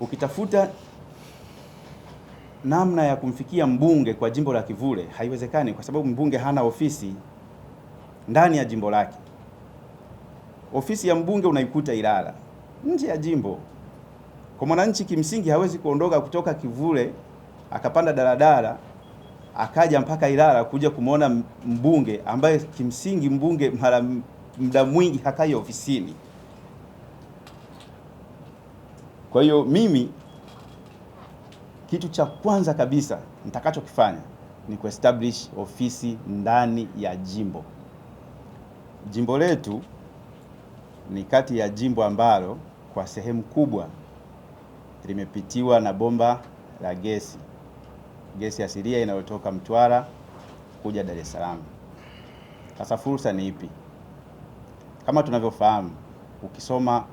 Ukitafuta namna ya kumfikia mbunge kwa jimbo la Kivule haiwezekani, kwa sababu mbunge hana ofisi ndani ya jimbo lake. Ofisi ya mbunge unaikuta Ilala, nje ya jimbo. Kwa mwananchi kimsingi hawezi kuondoka kutoka Kivule akapanda daladala akaja mpaka Ilala kuja kumwona mbunge ambaye kimsingi mbunge mara muda mwingi hakai ofisini. Kwa hiyo mimi kitu cha kwanza kabisa nitakachokifanya ni kuestablish ofisi ndani ya jimbo. Jimbo letu ni kati ya jimbo ambalo kwa sehemu kubwa limepitiwa na bomba la gesi, gesi asilia inayotoka Mtwara kuja Dar es Salaam. Sasa fursa ni ipi? Kama tunavyofahamu, ukisoma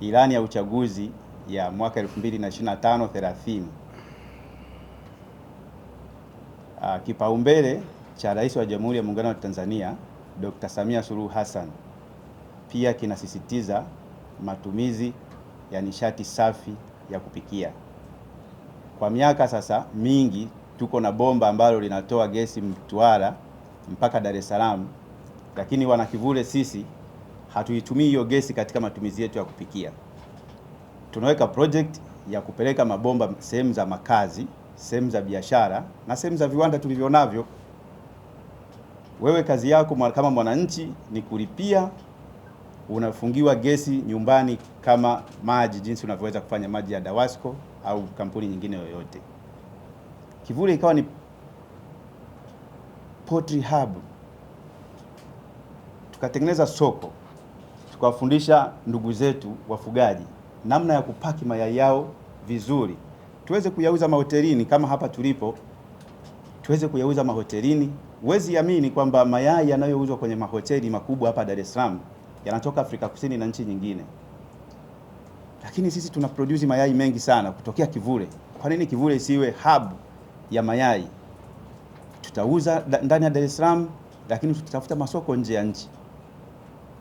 ilani ya uchaguzi ya mwaka 2025 30. Ah, kipaumbele cha Rais wa Jamhuri ya Muungano wa Tanzania Dr. Samia Suluhu Hassan pia kinasisitiza matumizi ya nishati safi ya kupikia. Kwa miaka sasa mingi tuko na bomba ambalo linatoa gesi Mtwara mpaka Dar es Salaam, lakini wanakivule sisi hatuitumii hiyo gesi katika matumizi yetu ya kupikia tunaweka project ya kupeleka mabomba sehemu za makazi, sehemu za biashara na sehemu za viwanda tulivyonavyo. Wewe kazi yako kama mwananchi ni kulipia, unafungiwa gesi nyumbani kama maji, jinsi unavyoweza kufanya maji ya Dawasco au kampuni nyingine yoyote. Kivule ikawa ni Poultry Hub, tukatengeneza soko, tukawafundisha ndugu zetu wafugaji namna ya kupaki mayai yao vizuri, tuweze kuyauza mahotelini kama hapa tulipo, tuweze kuyauza mahotelini. Huwezi amini kwamba mayai yanayouzwa kwenye mahoteli makubwa hapa Dar es Salaam yanatoka Afrika Kusini na nchi nyingine, lakini sisi tuna produce mayai mengi sana kutokea Kivule. Kwa nini Kivule isiwe hub ya mayai? Tutauza ndani ya Dar es Salaam, lakini tutatafuta masoko nje ya nchi.